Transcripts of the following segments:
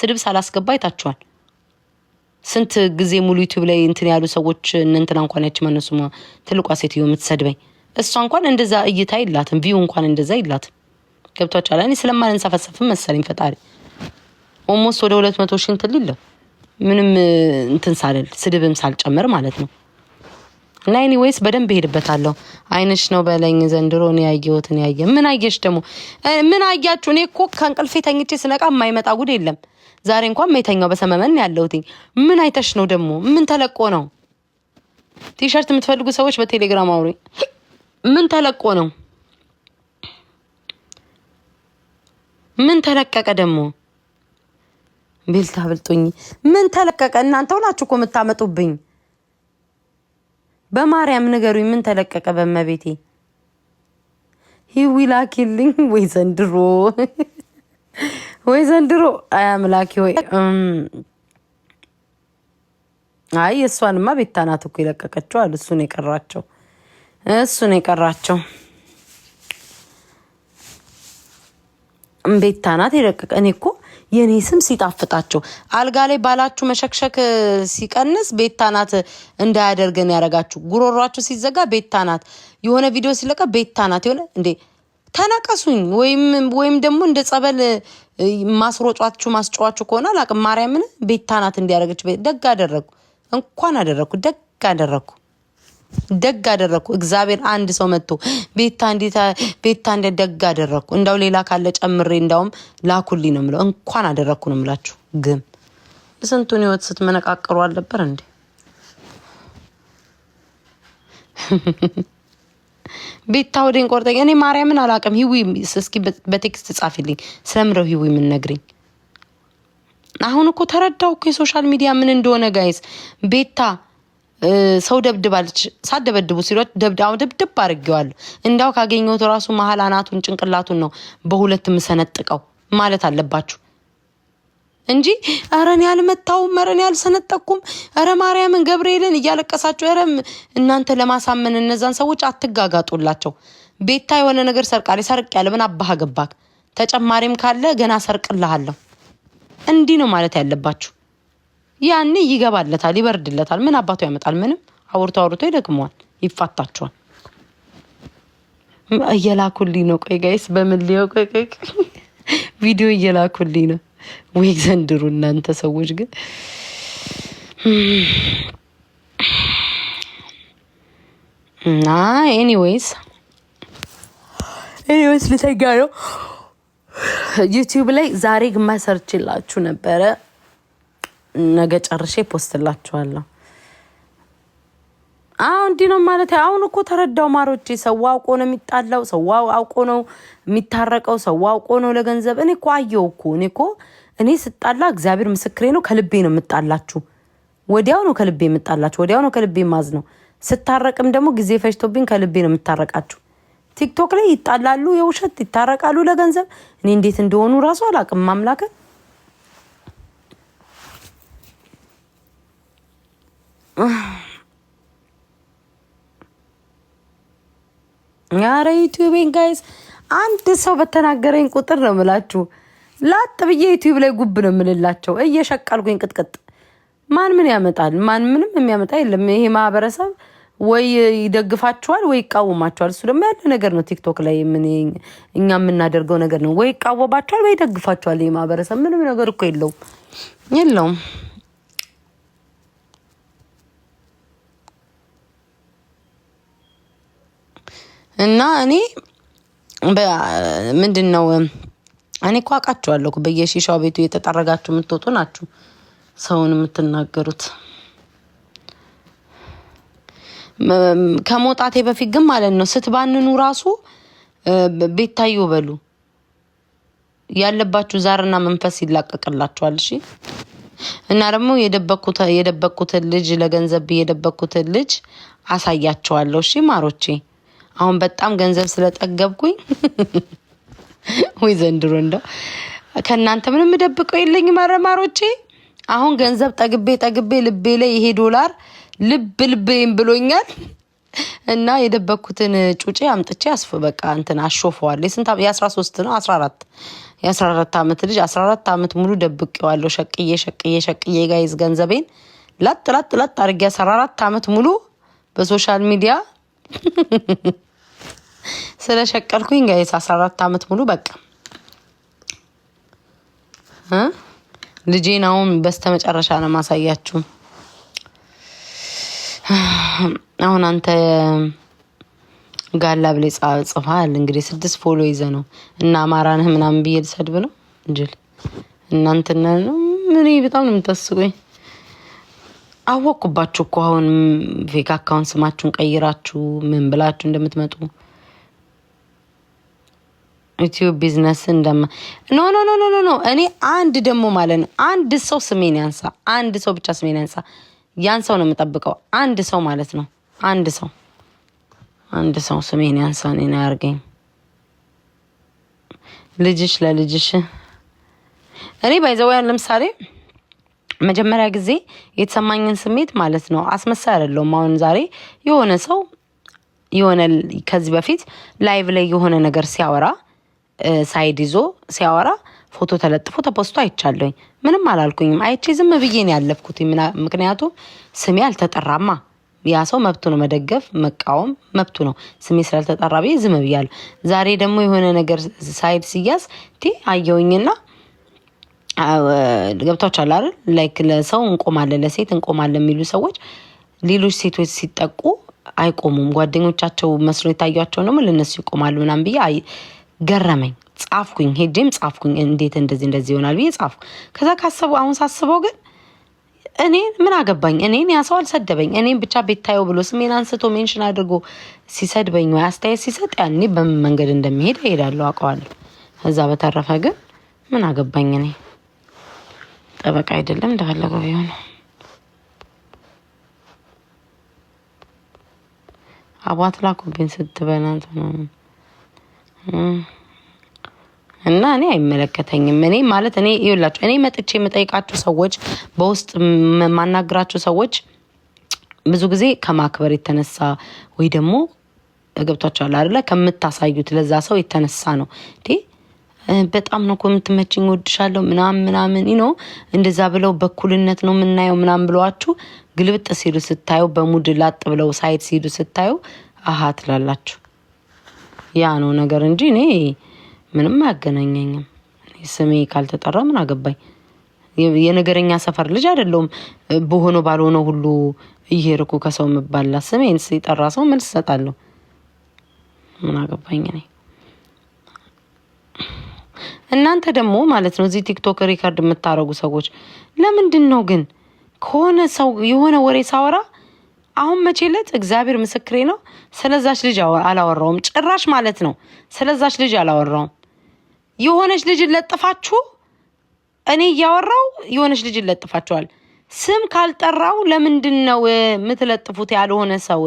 ስድብ ሳላስገባ አይታችኋል። ስንት ጊዜ ሙሉ ዩቲዩብ ላይ እንትን ያሉ ሰዎች እንትና እንኳን ያች መነሱ ትልቋ ሴትዮ የምትሰድበኝ እሷ እንኳን እንደዛ እይታ የላትም፣ ቪው እንኳን እንደዛ የላትም። ገብቷችኋል? እኔ ስለማንንሰፈሰፍም መሰለኝ ፈጣሪ ኦልሞስት ወደ ሁለት መቶ ሺህ እንትን ሊለው ምንም እንትን ሳልል ስድብም ሳልጨምር ማለት ነው። እና ኤኒዌይስ በደንብ እሄድበታለሁ። አይንሽ ነው በለኝ ዘንድሮ እኔ ያየሁትን ያየ ምን አየሽ ደግሞ ምን አያችሁ? እኔ እኮ ከእንቅልፌ ተኝቼ ስነቃ የማይመጣ ጉድ የለም። ዛሬ እንኳን የተኛው በሰመመን ያለሁት ምን አይተሽ ነው ደግሞ? ምን ተለቆ ነው? ቲሸርት የምትፈልጉ ሰዎች በቴሌግራም አውሪ። ምን ተለቆ ነው? ምን ተለቀቀ ደግሞ? ቤልታ ብልጡኝ። ምን ተለቀቀ? እናንተ ሁላችሁ እኮ የምታመጡብኝ። በማርያም ንገሩኝ፣ ምን ተለቀቀ? በመቤቴ ሂዊ ላኪልኝ ወይ ዘንድሮ ወይ ዘንድሮ አያምላኪ ወይ አይ እሷንማ ቤታ ናት እኮ የለቀቀችው አሉ። እሱን የቀራቸው እሱን የቀራቸው ቤታ ናት የለቀቀ። እኔ እኮ የእኔ ስም ሲጣፍጣቸው አልጋ ላይ ባላችሁ መሸክሸክ ሲቀንስ ቤታ ናት እንዳያደርገን ያደረጋችሁ። ጉሮሯችሁ ሲዘጋ ቤታ ናት። የሆነ ቪዲዮ ሲለቀ ቤታ ናት የሆነ እንዴ ተነቀሱኝ ወይም ወይም ደግሞ እንደ ጸበል ማስሮጫችሁ ማስጫዋችሁ ከሆነ አላቅም። ማርያምን ቤታ ናት እንዲያደረገች ደግ አደረግኩ፣ እንኳን አደረግኩ፣ ደግ አደረግኩ፣ ደግ አደረግኩ። እግዚአብሔር አንድ ሰው መጥቶ ቤታ እንዴታ ቤታ እንደ ደግ አደረግኩ። እንዳው ሌላ ካለ ጨምሬ እንዳውም ላኩልኝ ነው ምለው። እንኳን አደረግኩ ነው ምላችሁ። ግን ስንቱን ህይወት ስትመነቃቅሩ አልነበር እንዴ? ቤታ ሆዴን ቆርጠኝ። እኔ ማርያምን አላውቅም። ሂዊ እስኪ በቴክስት ጻፊልኝ ስለምረው ሂዊ የምንነግርኝ አሁን እኮ ተረዳው እኮ የሶሻል ሚዲያ ምን እንደሆነ ጋይዝ። ቤታ ሰው ደብድባለች። ሳደበድቡ ሲሏት ደብዳው ድብድብ አድርጌዋለሁ። እንዳው ካገኘሁት ራሱ መሀል አናቱን ጭንቅላቱን ነው በሁለት ምሰነጥቀው ማለት አለባችሁ። እንጂ ኧረ እኔ አልመታውም፣ ኧረ እኔ አልሰነጠኩም፣ ኧረ ማርያምን ገብርኤልን እያለቀሳችሁ ኧረ እናንተ ለማሳመን እነዛን ሰዎች አትጋጋጡላቸው። ቤታ የሆነ ነገር ሰርቅ ያለ ምን አባህ ገባክ፣ ተጨማሪም ካለ ገና ሰርቅልሃለሁ። እንዲህ ነው ማለት ያለባችሁ። ያኔ ይገባለታል፣ ይበርድለታል። ምን አባቱ ያመጣል? ምንም አውርቶ አውርቶ ይደግመዋል፣ ይፋታችኋል። እየላኩልኝ ነው። ቆይ ጋይስ፣ በምን ሊየው? ቪዲዮ እየላኩልኝ ነው። ወይ ዘንድሩ እናንተ ሰዎች ግን እና ኤኒዌይስ ኤኒዌይስ ልተጋ ነው። ዩቲዩብ ላይ ዛሬ ግማ ሰርችላችሁ ነበረ። ነገ ጨርሼ ፖስትላችኋለሁ። አዎ እንዲህ ነው ማለት። አሁን እኮ ተረዳው ማሮቼ። ሰው አውቆ ነው የሚጣላው፣ ሰው አውቆ ነው የሚታረቀው፣ ሰው አውቆ ነው ለገንዘብ። እኔ እኮ አየው እኮ እኔ እኮ እኔ ስጣላ እግዚአብሔር ምስክሬ ነው፣ ከልቤ ነው የምጣላችሁ። ወዲያው ነው ከልቤ የምጣላችሁ፣ ወዲያው ነው ከልቤ ማዝ ነው። ስታረቅም ደግሞ ጊዜ ፈጅቶብኝ ከልቤ ነው የምታረቃችሁ። ቲክቶክ ላይ ይጣላሉ፣ የውሸት ይታረቃሉ ለገንዘብ። እኔ እንዴት እንደሆኑ ራሱ አላቅም ማምላክን ኧረ ዩቲዩቤን ጋይስ አንድ ሰው በተናገረኝ ቁጥር ነው የምላችሁ ላጥ ብዬ ዩቲዩብ ላይ ጉብ ነው የምልላቸው እየሸቀልኩኝ ቅጥቅጥ። ማን ምን ያመጣል? ማን ምንም የሚያመጣ የለም። ይሄ ማህበረሰብ ወይ ይደግፋቸዋል ወይ ይቃወማቸዋል እሱ ደግሞ ያለ ነገር ነው። ቲክቶክ ላይ እኛ የምናደርገው ነገር ነው። ወይ ይቃወማችኋል ወይ ይደግፋችኋል። ይህ ማህበረሰብ ምንም ነገር እኮ የለውም የለውም። እና እኔ ምንድን ነው እኔ እኮ አውቃችኋለሁ። በየሺሻው ቤቱ እየተጠረጋችሁ የምትወጡ ናችሁ ሰውን የምትናገሩት። ከመውጣቴ በፊት ግን ማለት ነው ስትባንኑ ራሱ ቤታዩ በሉ ያለባችሁ ዛርና መንፈስ ይላቀቅላችኋል። እሺ እና ደግሞ የደበቅኩትን ልጅ ለገንዘብ የደበቅኩትን ልጅ አሳያችኋለሁ። እሺ ማሮቼ አሁን በጣም ገንዘብ ስለጠገብኩኝ ወይ ዘንድሮ እንደው ከእናንተ ምንም ደብቀው የለኝ መረማሮቼ። አሁን ገንዘብ ጠግቤ ጠግቤ ልቤ ላይ ይሄ ዶላር ልብ ልቤም ብሎኛል እና የደበኩትን ጩጪ አምጥቼ አስፍ በቃ እንትን አሾፈዋል። የስንት የ13 ነው 14 የ14 አመት ልጅ 14 አመት ሙሉ ደብቄዋለሁ። ሸቅዬ ሸቅዬ ሸቅዬ ጋይዝ ገንዘቤን ላጥ ላጥ ላጥ አድርጌ አመት ሙሉ በሶሻል ሚዲያ ስለሸቀልኩኝ ጋይስ አስራ አራት አመት ሙሉ በቃ ልጄን አሁን በስተ መጨረሻ ነው ማሳያችሁ። አሁን አንተ ጋላ ብሌ ጽፋል። እንግዲህ ስድስት ፎሎ ይዘ ነው እና አማራ ምናምን ብዬ ልሰድብ ነው እንጅል እናንትና ምን በጣም ነው የምታስቁኝ። አወቅኩባችሁ እኮ አሁን ፌክ አካውንት ስማችሁን ቀይራችሁ ምን ብላችሁ እንደምትመጡ ዩቲዩብ ቢዝነስ እንደማ ኖ ኖ ኖ ኖ ኖ። እኔ አንድ ደግሞ ማለት ነው አንድ ሰው ስሜን ያንሳ፣ አንድ ሰው ብቻ ስሜን ያንሳ። ያን ሰው ነው የምጠብቀው። አንድ ሰው ማለት ነው አንድ ሰው አንድ ሰው ስሜን ያንሳ፣ እኔን አያርገኝ። ልጅሽ ለልጅሽ እኔ ባይዘወያን ለምሳሌ መጀመሪያ ጊዜ የተሰማኝን ስሜት ማለት ነው አስመሳይ አይደለሁም። አሁን ዛሬ የሆነ ሰው የሆነ ከዚህ በፊት ላይቭ ላይ የሆነ ነገር ሲያወራ ሳይድ ይዞ ሲያወራ ፎቶ ተለጥፎ ተፖስቶ አይቻለኝ። ምንም አላልኩኝም። አይቼ ዝም ብዬ ነው ያለፍኩት። ምክንያቱም ስሜ አልተጠራማ። ያ ሰው መብቱ ነው፣ መደገፍ መቃወም መብቱ ነው። ስሜ ስላልተጠራ ብዬ ዝም ብያለሁ። ዛሬ ደግሞ የሆነ ነገር ሳይድ ሲያዝ ቲ አየውኝና ገብቷችኋል አይደል? ላይክ ለሰው እንቆማለን፣ ለሴት እንቆማለን የሚሉ ሰዎች ሌሎች ሴቶች ሲጠቁ አይቆሙም። ጓደኞቻቸው መስሎ የታያቸው ደግሞ ለነሱ ይቆማሉ ምናምን ብዬ ገረመኝ። ጻፍኩኝ፣ ሄጄም ጻፍኩኝ። እንዴት እንደዚህ እንደዚህ ይሆናል ብዬ ጻፍኩ። ከዛ ካሰቡ አሁን ሳስበው ግን እኔ ምን አገባኝ? እኔን ያ ሰው አልሰደበኝ። እኔም ብቻ ቤታየው ብሎ ስሜን አንስቶ ሜንሽን አድርጎ ሲሰድበኝ ወይ አስተያየት ሲሰጥ ያኔ በምን መንገድ እንደሚሄድ እሄዳለሁ፣ አውቀዋለሁ። እዛ በተረፈ ግን ምን አገባኝ? እኔ ጠበቃ አይደለም እንደፈለገው ቢሆን አቧት ላኩብኝ ስትበናት ምናምን እና እኔ አይመለከተኝም። እኔ ማለት እኔ ይኸውላችሁ እኔ መጥቼ የምጠይቃችሁ ሰዎች በውስጥ የማናግራችሁ ሰዎች ብዙ ጊዜ ከማክበር የተነሳ ወይ ደግሞ ገብቷቸዋል አይደለ? ከምታሳዩት ለዛ ሰው የተነሳ ነው እንዴ በጣም ነው እኮ የምትመችኝ ወድሻለሁ ምናምን ምናምን ይኖ እንደዛ ብለው በኩልነት ነው የምናየው ምናምን ብለዋችሁ ግልብጥ ሲሉ ስታዩ በሙድ ላጥ ብለው ሳይት ሲሉ ስታዩ አሀ ትላላችሁ። ያ ነው ነገር እንጂ እኔ ምንም አያገናኘኝም። ስሜ ካልተጠራ ምን አገባኝ? የነገረኛ ሰፈር ልጅ አይደለሁም። በሆነ ባልሆነ ሁሉ እየሄድኩ ከሰው የምባላ ስሜን ሲጠራ ሰው ምን ትሰጣለሁ? ምን አገባኝ እኔ። እናንተ ደግሞ ማለት ነው እዚህ ቲክቶክ ሪከርድ የምታደርጉ ሰዎች ለምንድን ነው ግን ከሆነ ሰው የሆነ ወሬ ሳወራ አሁን መቼለት እግዚአብሔር ምስክሬ ነው። ስለዛች ልጅ አላወራውም ጭራሽ ማለት ነው። ስለዛች ልጅ አላወራውም። የሆነች ልጅ ለጥፋችሁ እኔ እያወራው የሆነች ልጅ ለጥፋችኋል። ስም ካልጠራው ለምንድን ነው የምትለጥፉት? ያልሆነ ሰው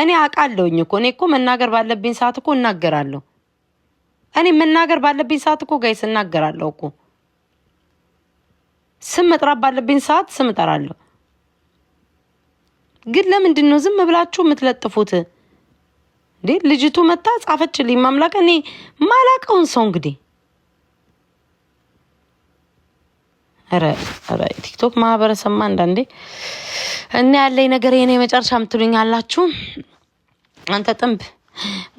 እኔ አውቃለሁኝ እኮ እኔ እኮ መናገር ባለብኝ ሰዓት እኮ እናገራለሁ። እኔ መናገር ባለብኝ ሰዓት እኮ ጋይስ እናገራለሁ እኮ ስም መጥራት ባለብኝ ሰዓት ስም እጠራለሁ። ግን ለምንድን ነው ዝም ብላችሁ የምትለጥፉት? እንዴ ልጅቱ መታ ጻፈችልኝ። ማምላክ እኔ ማላቀውን ሰው እንግዲህ ኧረ ኧረ ቲክቶክ ማህበረሰብማ አንዳንዴ እና ያለኝ ነገር የኔ መጨረሻ የምትሉኝ አላችሁ። አንተ ጥንብ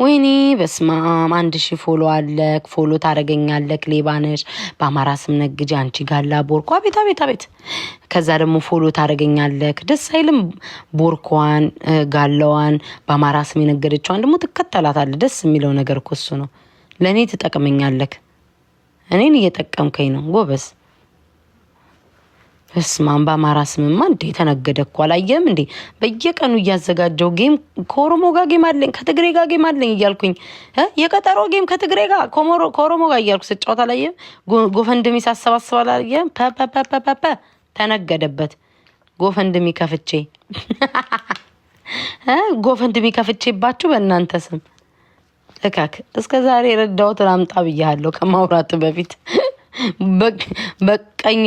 ወይኔ በስማም አንድ ሺ ፎሎ አለክ፣ ፎሎ ታደረገኛለክ ሌባ ነሽ፣ በአማራ ስም ነግጅ፣ አንቺ ጋላ ቦርኮ፣ አቤት አቤት አቤት። ከዛ ደግሞ ፎሎ ታደረገኛለክ ደስ አይልም? ቦርኮዋን፣ ጋላዋን፣ በአማራ ስም የነገደችዋን ደግሞ ትከተላታለ። ደስ የሚለው ነገር እኮ እሱ ነው። ለእኔ ትጠቅመኛለክ፣ እኔን እየጠቀምከኝ ነው። ጎበስ በስማም በአማራ ስምማ እንዴ ተነገደ እኮ አላየም እንዴ? በየቀኑ እያዘጋጀው ጌም ከኦሮሞ ጋር ጌም አለኝ ከትግሬ ጋር ጌም አለኝ እያልኩኝ የቀጠሮ ጌም ከትግሬ ጋር ከኦሮሞ ጋር እያልኩ ስጫወት አላየም? ጎፈንድሚ ሳሰባስብ አላየም? ፐፐፐፐ ተነገደበት። ጎፈንድሚ ከፍቼ ጎፈንድሚ ከፍቼባችሁ በእናንተ ስም ልካክ እስከ ዛሬ ረዳውትን አምጣ ብያለሁ ከማውራት በፊት በቀኝ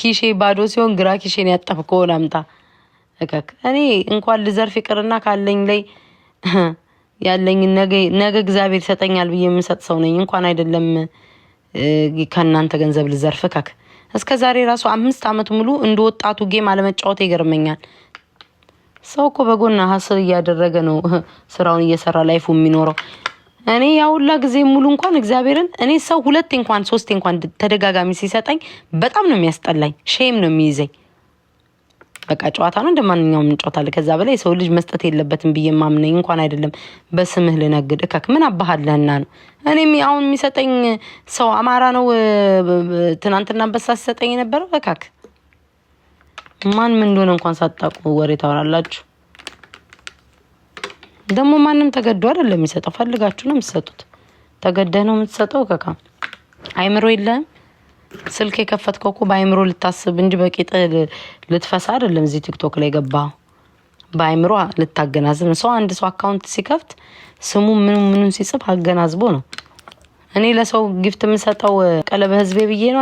ኪሼ ባዶ ሲሆን ግራ ኪሼን ከሆነ አምጣ። እኔ እንኳን ልዘርፍ ይቅርና ካለኝ ላይ ያለኝ ነገ እግዚአብሔር ይሰጠኛል ብዬ የምሰጥ ሰው ነኝ። እንኳን አይደለም ከእናንተ ገንዘብ ልዘርፍ እከክ። እስከ ዛሬ ራሱ አምስት ዓመት ሙሉ እንደ ወጣቱ ጌም አለመጫወት ይገርመኛል። ሰው እኮ በጎን ሀስር እያደረገ ነው ስራውን እየሰራ ላይፉ የሚኖረው። እኔ ያውላ ጊዜ ሙሉ እንኳን እግዚአብሔርን እኔ ሰው ሁለቴ እንኳን ሶስቴ እንኳን ተደጋጋሚ ሲሰጠኝ በጣም ነው የሚያስጠላኝ፣ ሼም ነው የሚይዘኝ። በቃ ጨዋታ ነው እንደ ማንኛውም እንጫወታለን። ከዛ በላይ የሰው ልጅ መስጠት የለበትም ብዬ ማምነኝ እንኳን አይደለም በስምህ ልነግድ እከክ ምን አባሃለህና ነው። እኔም አሁን የሚሰጠኝ ሰው አማራ ነው። ትናንትና አንበሳ ሲሰጠኝ የነበረው እከክ ማን ምን እንደሆነ እንኳን ሳታውቁ ወሬ ታወራላችሁ። ደግሞ ማንም ተገዶ አይደለም የሚሰጠው፣ ፈልጋችሁ ነው የምትሰጡት። ተገደህ ነው የምትሰጠው። ከካ አይምሮ የለህም። ስልክ የከፈትከው እኮ በአይምሮ ልታስብ እንጂ በቂጥ ልትፈሳ አይደለም። እዚህ ቲክቶክ ላይ ገባ በአይምሮ ልታገናዝብ ሰው አንድ ሰው አካውንት ሲከፍት ስሙ ምኑ ምኑን ሲጽፍ አገናዝቦ ነው። እኔ ለሰው ጊፍት የምሰጠው ቀለበ ህዝቤ ብዬ ነው።